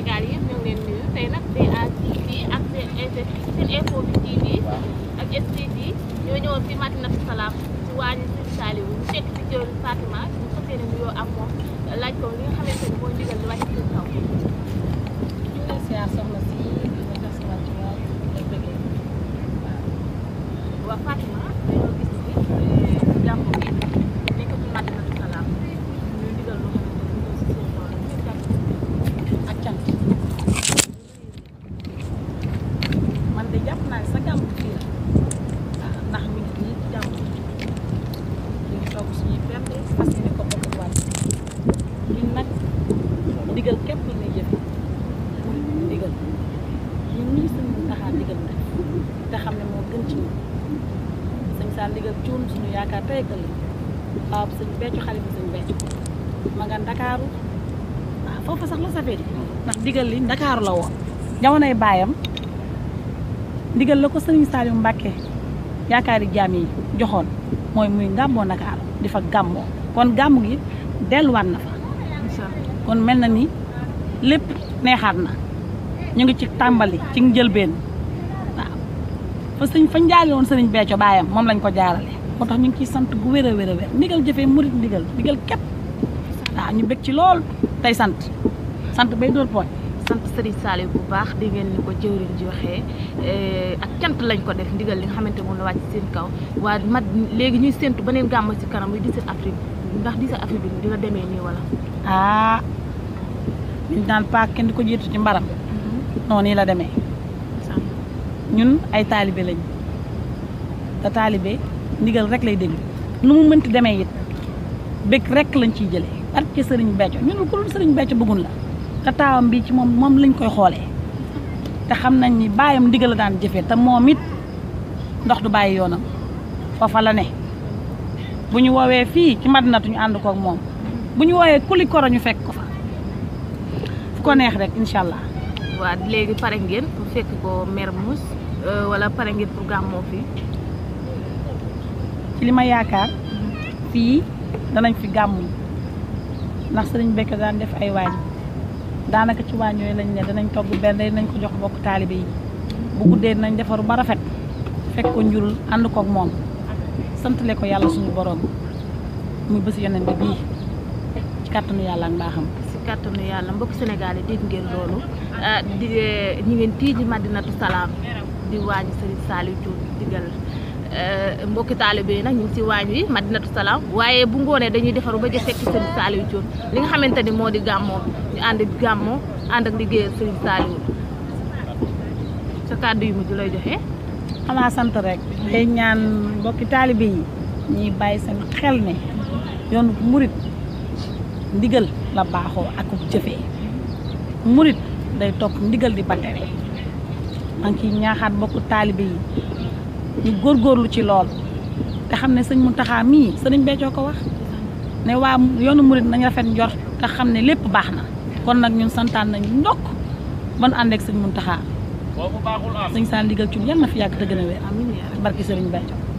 Sénégal yëpp ñu ngi leen nuyu tey nag DA TV ak seen info bi TV ak STV ñoo ñëwoon fi Madinatu Salaam ci waañu Sëriñ Saaliwu ñu fekk ci jëwriñ Fatima ñu fas yéene nuyoo ak moom laaj ko li nga xamante ni mooy ndigal li wàcc ci kaw ñu ngi lay siyaar soxna si waaw Fatima ndigal képp lu ñuy jëfe ndigal ñun ñii suñ te xam ne moo gën ci ñun sëñ saa cuun suñu yaakaar tey ëllëg waaw suñ beccu xale bi suñ beccu ma nga ndakaaru ah, foofu sax la safee ndax ndigal li ndakaaru la woon jamonoy baayam ndigal la ko sëriñ Saliou Mbacke yaakaari jaam yi joxoon mooy muy gàmmoo Ndakaaru di fa gàmmoo kon gàmm gi delluwaat na fa kon mel na ni lépp neexaat na ñu ngi ci tàmbali ci njëlbeen waaw fa sëñ fa njaale woon sëriñ Béthio baayam moom lañ ko jaarale moo tax ñu ngi ciy sant gu wér a wér ndigal jëfee murit ndigal ndigal képp waaw ñu bég ci lool tey sant sant bay dóor pooñ sant Serigne Saliou bu baax di ngeen ni ko jëwriñ ji waxee eh, ak cant lañ ko def ndigal li nga xamante moom la wàcc seen kaw waa mat léegi ñuy séntu beneen gàmm ci kanam muy 17 avril ndax di sa affaire bi dina demee nii wala. ah ñu naan paak kenn di ko jiitu ci mbaram. Mhm. noonu nii la demee. ñun ay taalibe lañ te taalibe ndigal rek lay déglu lu mu mënti demee it bëgg rek lañ ciy jëlee barke sëriñ Bécco ñun ku dul sëriñ Bécco bëggun la te taawam bi ci moom moom lañ koy xoolee te xam nañ ni baayam ndigal la daan jëfee te moom it ndox du bàyyi yoonam foofa la ne bu ñu woowee fii ci madinatu ñu ànd kook moom bu ñu woowee kuli koro ñu fekk ko fa fu ko neex rek incha allah. waa léegi pare ngeen pour fekk ko Mermoz euh, wala pare ngeen pour gàmmoo fii. ci li ma yaakaar fii danañ fi gàmmu ndax si sëriñ Bekk daan def ay waañ daanaka ci waañ yooyu lañ ne danañ togg benn nañ ko jox bokk taalibe yi bu guddee nañ defaru ba rafet fekk ko njurul ànd kook moom. santale ko yàlla suñu borom muy bés yonent bii ci kàttanu yàlla ak mbaaxam. ci kàttanu yàlla mbokk Sénégal yi dégg ngeen loolu ah, di eh, ñu ngeen fii di Madinatu Salaam di waañu Serigne Saliou Thioune digal eh, nag ñu ngi waañ wi Madinatu Salaam waaye bu ngoonee dañuy defaru ba ja fekk Serigne Saliou li nga xamante ni moo di gàmmoo ñu ànd gàmmoo ànd ak liggéeyal Serigne Saliou sa kàddu yu mujj lay joxe. xanaa sant rek ñaan mbokki taalibe yi ñuy bàyyi seen xel ne yoonu murit ndigal la baaxoo ak jëfee murit day topp ndigal di ba tere maa ngi ciy ñaaxaat mbokki taalibe yi ñu góorgóorlu ci lool te xam ne sëñ Muntaxa mii sëriñ Béthio ko wax ne waa yoonu murit nañ rafet njor te xam ne lépp baax na kon nag ñun santaan nañ ndokk ban ànd ak sëñ Muntaxa sëñ Sane Ndigal Thioune yan na fi yàgg te gën a wér barki Serigne Badio